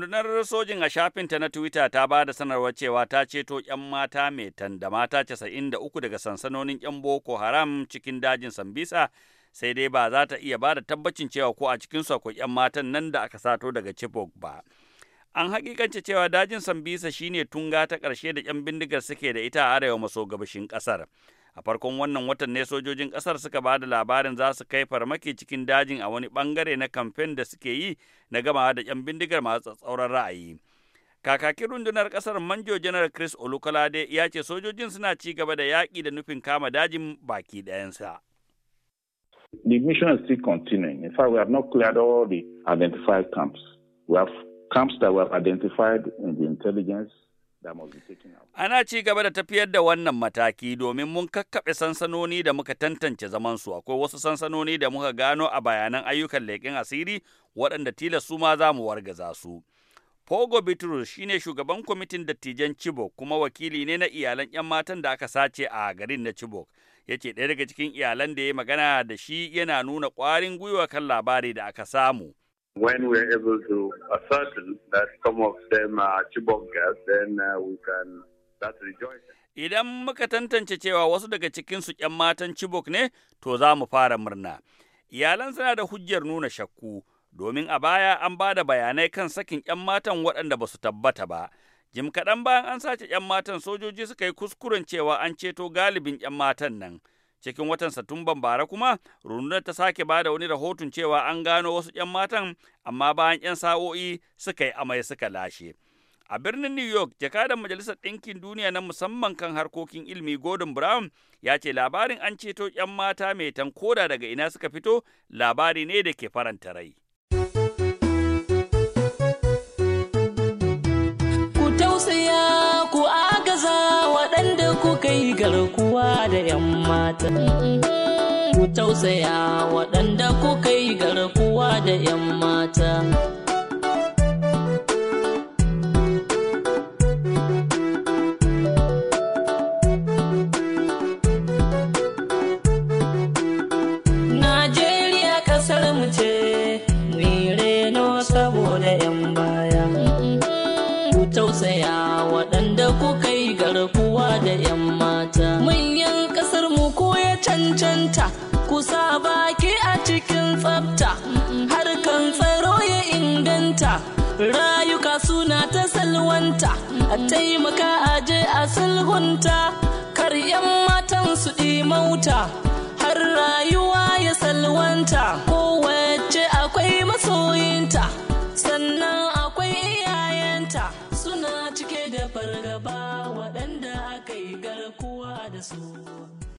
Rundunar sojin a shafin ta na Twitter ta ba da sanarwar cewa ta ceto 'yan mata mai tanda mata 93 daga sansanonin 'yan Boko Haram cikin dajin Sambisa, sai dai ba za ta iya ba da tabbacin cewa ko a cikin akwai 'yan matan nan da aka sato daga Chibok ba. An hakikance cewa dajin Sambisa shine tunga ta ƙarshe da 'yan bindigar suke da ita a arewa maso gabashin ƙasar. a farkon wannan watan ne sojojin kasar suka ba da labarin za su kai farmaki cikin dajin a wani bangare na kamfen da suke yi na gamawa da 'yan bindigar masu tsatsauran ra'ayi kakakin rundunar kasar manjo janar chris olukalade ya ce sojojin suna ci gaba da yaƙi da nufin kama dajin baki ɗayansa The mission is still continuing. In fact, we have not cleared all the identified camps. We have camps that were identified in the intelligence. Ana ci gaba da tafiyar da wannan mataki domin mun kakkaɓe sansanoni da muka tantance zamansu, akwai wasu sansanoni da muka gano a bayanan ayyukan leƙen asiri waɗanda tila su ma za mu wargaza su. Pogo Bitrus shine shugaban kwamitin dattijan Chibok kuma wakili ne na iyalan 'yan matan da aka sace a garin na Chibok. Ya ce ɗaya daga cikin iyalan da ya magana da shi yana nuna ƙwarin gwiwa kan labari da aka samu. When we're able to ascertain that some of them are Chibok then uh, we can, start rejoicing. Idan muka tantance cewa wasu daga cikin su ‘yan matan Chibok ne, to za mu fara murna. Iyalan suna da hujjar nuna shakku, domin a baya an ba da bayanai kan sakin ‘yan matan waɗanda ba su tabbata ba. Jim kaɗan bayan an sace ‘yan matan sojoji suka yi kuskuren cewa an ceto galibin ‘yan matan nan. cikin watan satumban bara kuma rundunar ta sake ba da wani rahoton cewa an gano wasu 'yan matan amma bayan 'yan sa'o'i suka yi amai suka lashe a birnin new york jakadan majalisar ɗinkin duniya na musamman kan harkokin ilmi gordon brown ya ce labarin an ceto 'yan mata mai tankoda daga ina suka fito labari ne da ke faranta rai Kuwa da 'yan mata. Ku tausaya waɗanda kuka yi garkuwa da 'yan mata. tausaya waɗanda kuka yi garkuwa da 'yan ta. manyan kasar mu ko ya cancanta kusa baki a cikin tsafta harkan tsaro ya inganta rayuka suna ta salwanta a taimaka a je a sulhunta kar 'yan matan su mauta har rayuwa ya salwanta ko wace akwai masoyinta sannan akwai iyayenta suna cike da fargaba waɗanda aka yi kowa da su